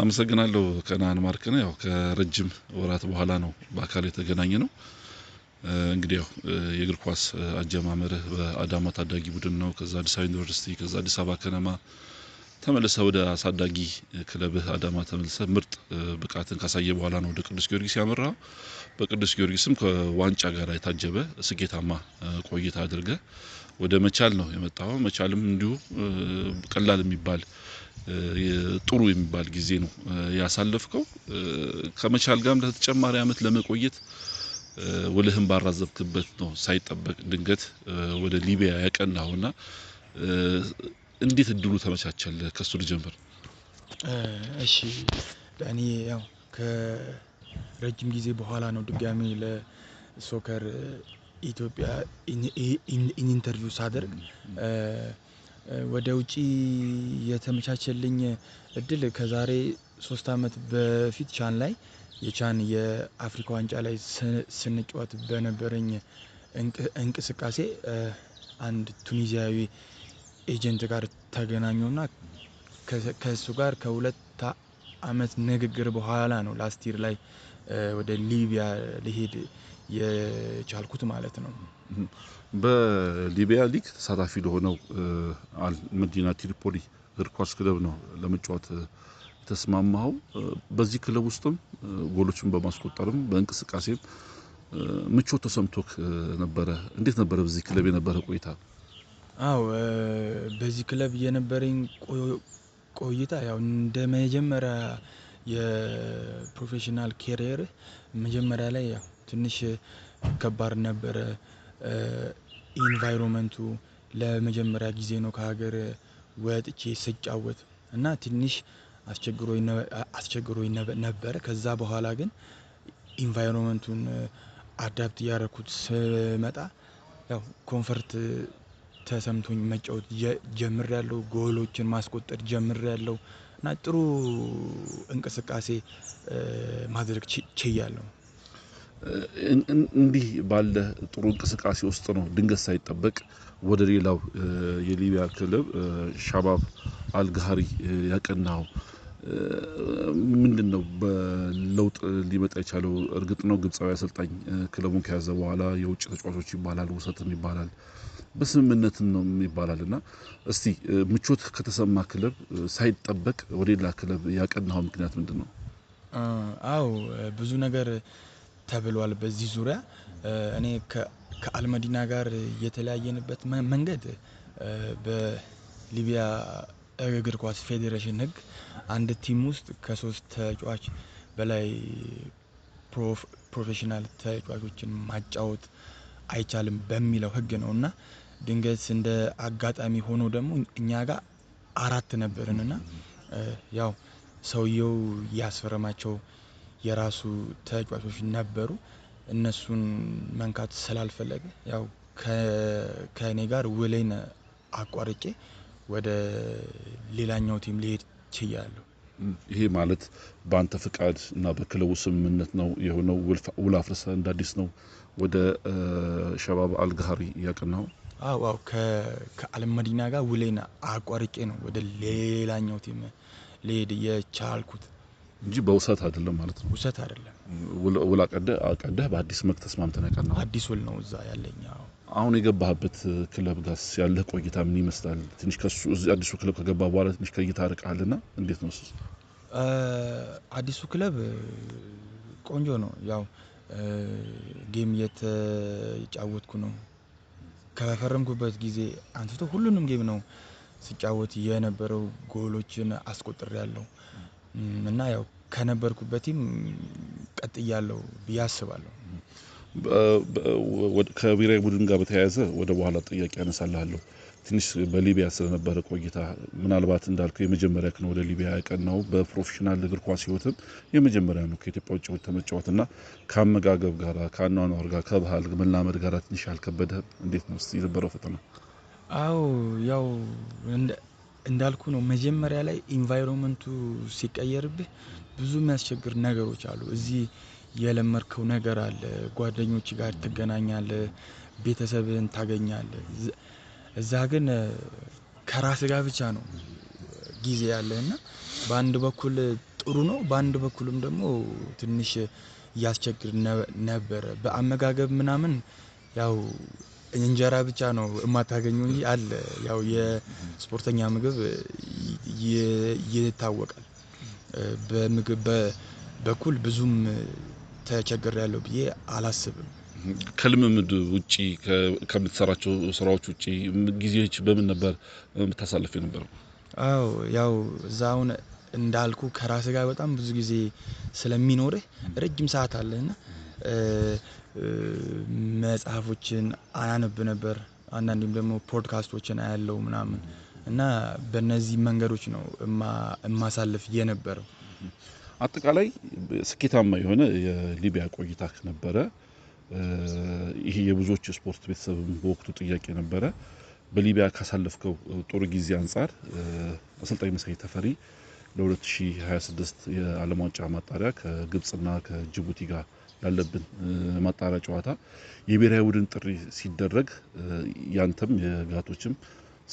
አመሰግናለሁ ከነአን ማርክነህ ያው ከረጅም ወራት በኋላ ነው በአካል የተገናኘ ነው እንግዲህ ያው የእግር ኳስ አጀማመርህ በአዳማ ታዳጊ ቡድን ነው ከዛ አዲስ አበባ ዩኒቨርሲቲ ከዛ አዲስ አበባ ከነማ ተመልሰ ወደ አሳዳጊ ክለብህ አዳማ ተመልሰህ ምርጥ ብቃትን ካሳየ በኋላ ነው ወደ ቅዱስ ጊዮርጊስ ያመራው በቅዱስ ጊዮርጊስም ከዋንጫ ጋር የታጀበ ስኬታማ ቆይታ አድርገ ወደ መቻል ነው የመጣው መቻልም እንዲሁ ቀላል የሚባል ጥሩ የሚባል ጊዜ ነው ያሳለፍከው። ከመቻል ጋም ለተጨማሪ አመት ለመቆየት ውልህን ባራዘብክበት ነው ሳይጠበቅ ድንገት ወደ ሊቢያ ያቀናኸውና እንዴት እድሉ ተመቻቸለ? ከሱ ልጀምር። እሺ ዳኒ፣ ያው ከረጅም ጊዜ በኋላ ነው ድጋሚ ለሶከር ኢትዮጵያ ኢንተርቪው ሳደርግ ወደ ውጪ የተመቻቸልኝ እድል ከዛሬ ሶስት አመት በፊት ቻን ላይ የቻን የአፍሪካ ዋንጫ ላይ ስንጫወት በነበረኝ እንቅስቃሴ አንድ ቱኒዚያዊ ኤጀንት ጋር ተገናኘውና ከእሱ ጋር ከሁለት አመት ንግግር በኋላ ነው ላስቲር ላይ ወደ ሊቢያ ሊሄድ የቻልኩት ማለት ነው። በሊቢያ ሊግ ተሳታፊ ለሆነው አልመዲና ትሪፖሊ እግር ኳስ ክለብ ነው ለመጫወት የተስማማው በዚህ ክለብ ውስጥም ጎሎችን በማስቆጠርም በእንቅስቃሴም ምቾት ተሰምቶክ ነበረ። እንዴት ነበረ በዚህ ክለብ የነበረ ቆይታ? አው በዚህ ክለብ የነበረኝ ቆይታ ያው እንደ መጀመሪያ የፕሮፌሽናል ኬሪየር መጀመሪያ ላይ ያው ትንሽ ከባድ ነበረ። ኢንቫይሮመንቱ ለመጀመሪያ ጊዜ ነው ከሀገር ወጥቼ ስጫወት እና ትንሽ አስቸግሮኝ ነበረ። ከዛ በኋላ ግን ኢንቫይሮመንቱን አዳፕት እያረኩት ስመጣ ያው ኮንፈርት ተሰምቶኝ መጫወት ጀምር ያለው ጎሎችን ማስቆጠር ያለው እና ጥሩ እንቅስቃሴ ማድረግ ችያለሁ እንዲህ ባለ ጥሩ እንቅስቃሴ ውስጥ ነው ድንገት ሳይጠበቅ ወደ ሌላው የሊቢያ ክለብ ሻባብ አልጋሪ ያቀናው። ምንድነው? በለውጥ ሊመጣ የቻለው እርግጥ ነው ግብፃዊ አሰልጣኝ ክለቡን ከያዘ በኋላ የውጭ ተጫዋቾች ይባላል ውሰትም ይባላል በስምምነትም ነው ይባላል። እና እስቲ ምቾት ከተሰማ ክለብ ሳይጠበቅ ወደ ሌላ ክለብ ያቀናው ምክንያት ነው? አዎ ብዙ ነገር ተብሏል። በዚህ ዙሪያ እኔ ከአልመዲና ጋር የተለያየንበት መንገድ በሊቢያ እግር ኳስ ፌዴሬሽን ሕግ አንድ ቲም ውስጥ ከሶስት ተጫዋች በላይ ፕሮፌሽናል ተጫዋቾችን ማጫወት አይቻልም በሚለው ሕግ ነው እና ድንገት እንደ አጋጣሚ ሆኖ ደግሞ እኛ ጋር አራት ነበርን እና ያው ሰውየው ያስፈረማቸው የራሱ ተጫዋቾች ነበሩ። እነሱን መንካት ስላልፈለገ ያው ከእኔ ጋር ውሌን አቋርጬ ወደ ሌላኛው ቲም ሊሄድ ችያለሁ። ይሄ ማለት በአንተ ፍቃድ እና በክለቡ ስምምነት ነው የሆነው? ውል አፍርሰ እንደ አዲስ ነው ወደ ሸባብ አልጋሪ ያቀናው? አዎ አዎ፣ መዲና ጋር ውሌን አቋርጬ ነው ወደ ሌላኛው ቲም ሊሄድ የቻልኩት። እንጂ በውሰት አይደለም ማለት ነው። ውሰት አይደለም። ውል አቀደህ በአዲስ መክ ተስማምተን ያቀና አዲስ ውል ነው እዛ ያለኛ። አሁን የገባህበት ክለብ ጋስ ያለህ ቆይታ ምን ይመስላል? ትንሽ ከሱ አዲሱ ክለብ ከገባ በኋላ ትንሽ ቆይታ ርቃልና እንዴት ነው እሱ? አዲሱ ክለብ ቆንጆ ነው። ያው ጌም እየተጫወትኩ ነው። ከፈረምኩበት ጊዜ አንስቶ ሁሉንም ጌም ነው ሲጫወት የነበረው። ጎሎችን አስቆጥሬ ያለው እና ያው ከነበርኩበትም እያለው ብዬ አስባለሁ። ከብሔራዊ ቡድን ጋር በተያያዘ ወደ በኋላ ጥያቄ ያነሳልሃለሁ። ትንሽ በሊቢያ ስለነበረ ቆይታ ምናልባት እንዳልከው የመጀመሪያ ክን ወደ ሊቢያ ያቀናው በፕሮፌሽናል እግር ኳስ ህይወትም የመጀመሪያ ነው ከኢትዮጵያ ውጭ ተመጫወት እና ከአመጋገብ ጋር ከአኗኗር ጋር ከባህል መላመድ ጋር ትንሽ አልከበደህም? እንዴት ነው ስ የነበረው ፈተና? አዎ ያው እንዳልኩ ነው መጀመሪያ ላይ ኢንቫይሮንመንቱ ሲቀየርብህ ብዙ የሚያስቸግር ነገሮች አሉ። እዚህ የለመድከው ነገር አለ ጓደኞች ጋር ትገናኛለህ ቤተሰብህን ታገኛለህ። እዛ ግን ከራስ ጋር ብቻ ነው ጊዜ ያለህ እና በአንድ በኩል ጥሩ ነው በአንድ በኩልም ደግሞ ትንሽ ያስቸግር ነበረ። በአመጋገብ ምናምን ያው እንጀራ ብቻ ነው የማታገኘው እንጂ አለ። ያው የስፖርተኛ ምግብ ይታወቃል። በምግብ በኩል ብዙም ተቸግር ያለው ብዬ አላስብም። ከልምምድ ውጪ ከምትሰራቸው ስራዎች ውጪ ጊዜዎች በምን ነበር የምታሳልፍ የነበረው? አዎ ያው እዛ አሁን እንዳልኩ ከራስ ጋር በጣም ብዙ ጊዜ ስለሚኖርህ ረጅም ሰዓት አለህና መጽሐፎችን አያነብ ነበር። አንዳንዴም ደግሞ ፖድካስቶችን አያለው ምናምን እና በእነዚህ መንገዶች ነው የማሳልፍ የነበረው። አጠቃላይ ስኬታማ የሆነ የሊቢያ ቆይታ ነበረ። ይሄ የብዙዎች ስፖርት ቤተሰብ በወቅቱ ጥያቄ ነበረ። በሊቢያ ካሳለፍከው ጥሩ ጊዜ አንጻር አሰልጣኝ መሳይ ተፈሪ ለ2026 የዓለም ዋንጫ ማጣሪያ ከግብፅና ከጅቡቲ ጋር ያለብን ማጣሪያ ጨዋታ የብሔራዊ ቡድን ጥሪ ሲደረግ ያንተም የጋቶችም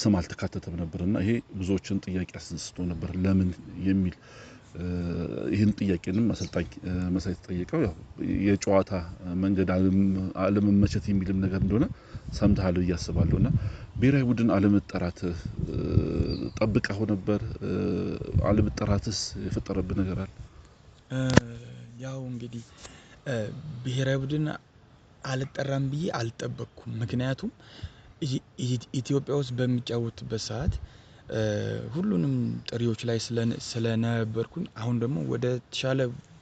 ስም አልተካተተም ነበርና ይሄ ብዙዎችን ጥያቄ አስነስቶ ነበር። ለምን የሚል ይህን ጥያቄንም አሰልጣኝ መሳይ ተጠየቀው። የጨዋታ መንገድ አለመመቸት የሚልም ነገር እንደሆነ ሰምተሃል ብዬ አስባለሁ እና ብሔራዊ ቡድን አለመጠራት ጠብቀኸው ነበር? አለመጠራትስ የፈጠረብህ ነገር አለ? ያው እንግዲህ ብሔራዊ ቡድን አልጠራም ብዬ አልጠበቅኩም። ምክንያቱም ኢትዮጵያ ውስጥ በሚጫወትበት ሰዓት ሁሉንም ጥሪዎች ላይ ስለነበርኩኝ አሁን ደግሞ ወደ ተሻለ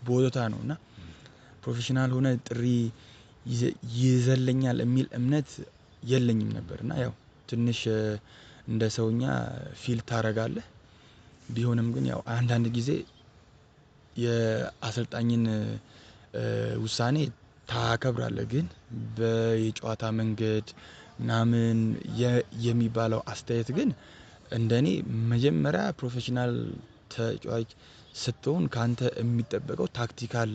ቦታ ነው እና ፕሮፌሽናል ሆነ ጥሪ ይዘልኛል የሚል እምነት የለኝም ነበር። እና ያው ትንሽ እንደ ሰውኛ ፊል ታረጋለህ ቢሆንም ግን ያው አንዳንድ ጊዜ የአሰልጣኝን ውሳኔ ታከብራለህ ግን በየጨዋታ መንገድ ምናምን የሚባለው አስተያየት ግን እንደኔ መጀመሪያ ፕሮፌሽናል ተጫዋች ስትሆን ካንተ የሚጠበቀው ታክቲካል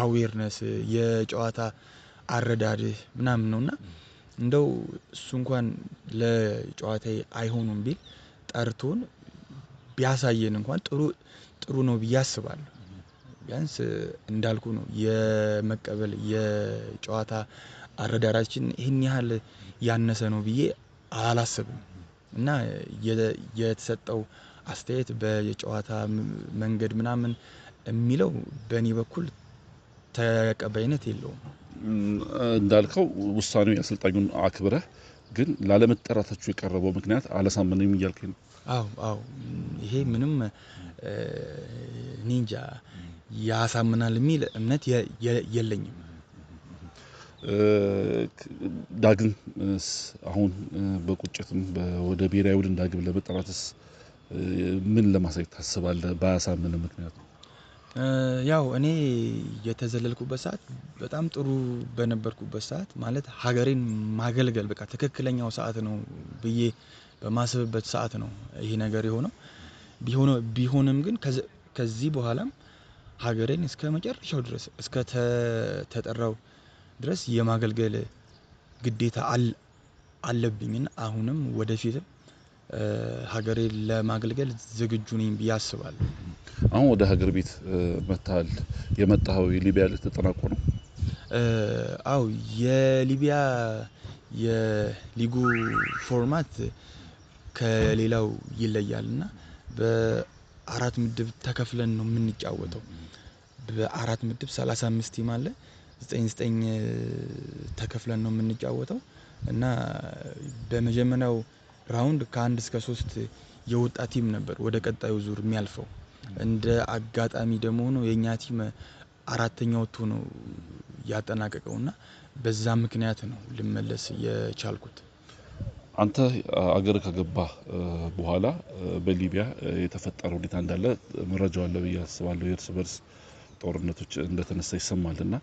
አዌርነስ የጨዋታ አረዳድህ ምናምን ነው። እና እንደው እሱ እንኳን ለጨዋታ አይሆኑም ቢል ጠርቶን ቢያሳየን እንኳን ጥሩ ጥሩ ነው ብዬ አስባለሁ ቢያንስ እንዳልኩ ነው የመቀበል የጨዋታ አረዳራችን ይህን ያህል ያነሰ ነው ብዬ አላስብም እና የተሰጠው አስተያየት በጨዋታ መንገድ ምናምን የሚለው በእኔ በኩል ተቀባይነት የለውም። እንዳልከው ውሳኔው የአሰልጣኙን አክብረህ ግን ላለመጠራታችሁ የቀረበው ምክንያት አላሳመነኝም እያልከኝ ነው? አዎ አዎ፣ ይሄ ምንም ኒንጃ ያሳምናል የሚል እምነት የለኝም። ዳግም አሁን በቁጭትም ወደ ብሔራዊ ቡድን ዳግም ለመጠራትስ ምን ለማሳየት ታስባለህ? ባያሳምን ምክንያቱ ያው እኔ የተዘለልኩበት ሰዓት በጣም ጥሩ በነበርኩበት ሰዓት ማለት ሀገሬን ማገልገል በቃ ትክክለኛው ሰዓት ነው ብዬ በማስብበት ሰዓት ነው ይሄ ነገር የሆነው። ቢሆንም ግን ከዚህ በኋላም ሀገሬን እስከ መጨረሻው ድረስ እስከ ተጠራው ድረስ የማገልገል ግዴታ አለብኝና አሁንም ወደፊትም ሀገሬ ለማገልገል ዝግጁ ነኝ ብዬ አስባለሁ። አሁን ወደ ሀገር ቤት መታል የመጣው የሊቢያ ልት ተጠናቆ ነው? አው የሊቢያ የሊጉ ፎርማት ከሌላው ይለያል እና አራት ምድብ ተከፍለን ነው የምንጫወተው። በአራት ምድብ 35 ቲም አለ። 99 ተከፍለን ነው የምንጫወተው እና በመጀመሪያው ራውንድ ከአንድ እስከ ሶስት የወጣ ቲም ነበር ወደ ቀጣዩ ዙር የሚያልፈው። እንደ አጋጣሚ ደግሞ ሆኖ የእኛ ቲም አራተኛ ወጥቶ ነው ያጠናቀቀው እና በዛ ምክንያት ነው ልመለስ የቻልኩት። አንተ አገር ከገባ በኋላ በሊቢያ የተፈጠረ ሁኔታ እንዳለ መረጃው አለ ብዬ አስባለሁ። የእርስ በርስ ጦርነቶች እንደተነሳ ይሰማል እና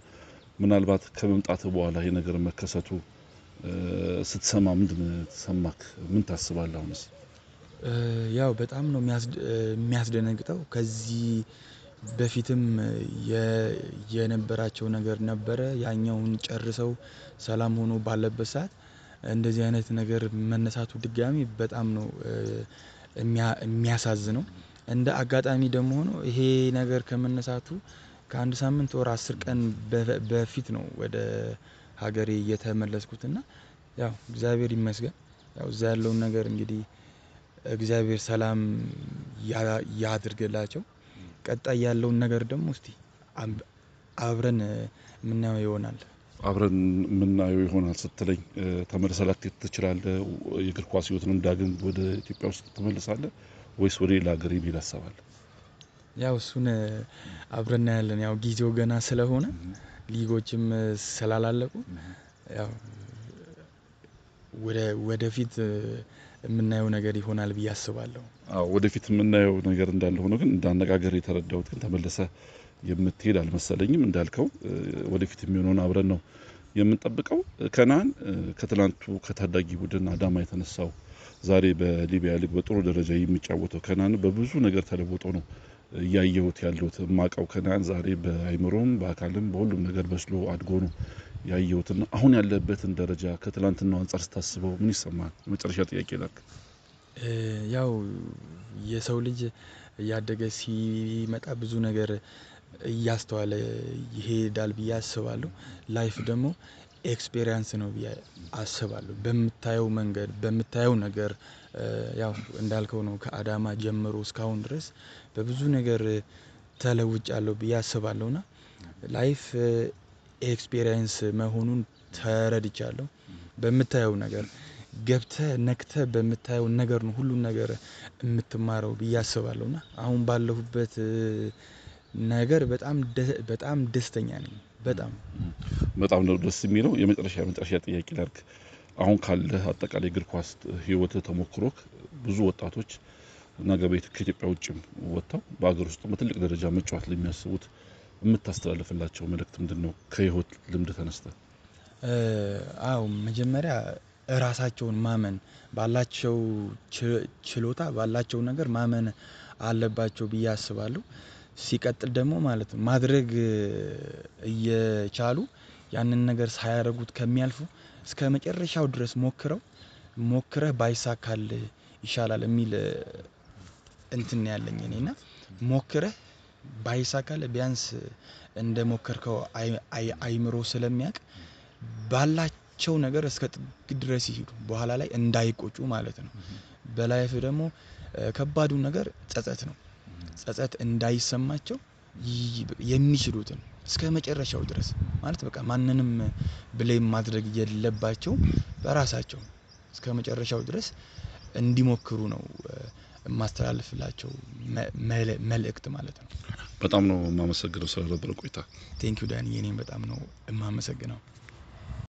ምናልባት ከመምጣት በኋላ የነገር መከሰቱ ስትሰማ ምንድን ተሰማክ? ምን ታስባለህ? አሁንስ ያው በጣም ነው የሚያስደነግጠው። ከዚህ በፊትም የነበራቸው ነገር ነበረ። ያኛውን ጨርሰው ሰላም ሆኖ ባለበት ሰዓት እንደዚህ አይነት ነገር መነሳቱ ድጋሚ በጣም ነው የሚያሳዝነው። እንደ አጋጣሚ ደግሞ ሆኖ ይሄ ነገር ከመነሳቱ ከአንድ ሳምንት ወር አስር ቀን በፊት ነው ወደ ሀገሬ የተመለስኩት እና ያው እግዚአብሔር ይመስገን። ያው እዛ ያለውን ነገር እንግዲህ እግዚአብሔር ሰላም ያድርግላቸው። ቀጣይ ያለውን ነገር ደግሞ እስቲ አብረን የምናየው ይሆናል አብረን የምናየው ይሆናል ስትለኝ ተመልሰ ላትሄድ ትችላለህ? የእግር ኳስ ህይወትንም ዳግም ወደ ኢትዮጵያ ውስጥ ትመልሳለህ ወይስ ወደ ሌላ ሀገር የሚል አሰባለ? ያው እሱን አብረን እናያለን። ያው ጊዜው ገና ስለሆነ ሊጎችም ስላላለቁ ወደፊት የምናየው ነገር ይሆናል ብዬ አስባለሁ። ወደፊት የምናየው ነገር እንዳለ ሆኖ ግን እንዳነጋገር የተረዳሁት ግን ተመልሰህ የምትሄድ አልመሰለኝም። እንዳልከው ወደፊት የሚሆነውን አብረን ነው የምንጠብቀው። ከነአን ከትላንቱ ከታዳጊ ቡድን አዳማ የተነሳው ዛሬ በሊቢያ ሊግ በጥሩ ደረጃ የሚጫወተው ከነአን በብዙ ነገር ተለውጦ ነው እያየሁት ያለሁት። ማቀው ከነአን ዛሬ በአይምሮም በአካልም በሁሉም ነገር በስሎ አድጎ ነው ያየሁትና አሁን ያለበትን ደረጃ ከትላንትናው አንጻር ስታስበው ምን ይሰማል? መጨረሻ ጥያቄ ላክ። ያው የሰው ልጅ እያደገ ሲመጣ ብዙ ነገር እያስተዋለ ይሄዳል ብዬ አስባለሁ። ላይፍ ደግሞ ኤክስፔሪንስ ነው ብዬ አስባለሁ በምታየው መንገድ በምታየው ነገር ያው እንዳልከው ነው ከአዳማ ጀምሮ እስካሁን ድረስ በብዙ ነገር ያለው ብዬ አስባለሁ። እና ላይፍ ኤክስፔሪንስ መሆኑን ተረድቻለሁ። በምታየው ነገር ገብተ ነክተ በምታየው ነገር ነው ሁሉን ነገር የምትማረው ብዬ አስባለሁ። እና አሁን ባለሁበት ነገር በጣም በጣም ደስተኛ ነኝ። በጣም በጣም ነው ደስ የሚለው። የመጨረሻ የመጨረሻ ጥያቄ ላርክ አሁን ካለህ አጠቃላይ እግር ኳስ ህይወት ተሞክሮክ ብዙ ወጣቶች እና ከኢትዮጵያ ውጭም ወጥተው በሀገር ውስጥ በትልቅ ደረጃ መጫወት ለሚያስቡት የምታስተላልፍላቸው መልእክት ምንድን ነው? ከህይወት ልምድ ተነስተ። አው መጀመሪያ እራሳቸውን ማመን ባላቸው ችሎታ ባላቸው ነገር ማመን አለባቸው ብዬ አስባለሁ። ሲቀጥል ደግሞ ማለት ነው ማድረግ እየቻሉ ያንን ነገር ሳያደርጉት ከሚያልፉ እስከ መጨረሻው ድረስ ሞክረው ሞክረህ ባይሳካል ይሻላል የሚል እንትን ያለኝ እኔ ና ሞክረህ ባይሳካል ቢያንስ እንደ ሞከርከው አይምሮ ስለሚያውቅ ባላቸው ነገር እስከ ጥግ ድረስ ይሄዱ በኋላ ላይ እንዳይቆጩ ማለት ነው። በላይፍ ደግሞ ከባዱ ነገር ጸጸት ነው ጸጸት እንዳይሰማቸው የሚችሉትን እስከ መጨረሻው ድረስ ማለት በቃ ማንንም ብሌም ማድረግ የለባቸው በራሳቸው እስከ መጨረሻው ድረስ እንዲሞክሩ ነው የማስተላልፍላቸው መልእክት ማለት ነው። በጣም ነው የማመሰግነው ስለነበረ ቆይታ። ቴንኪው ዳኒ፣ በጣም ነው የማመሰግነው።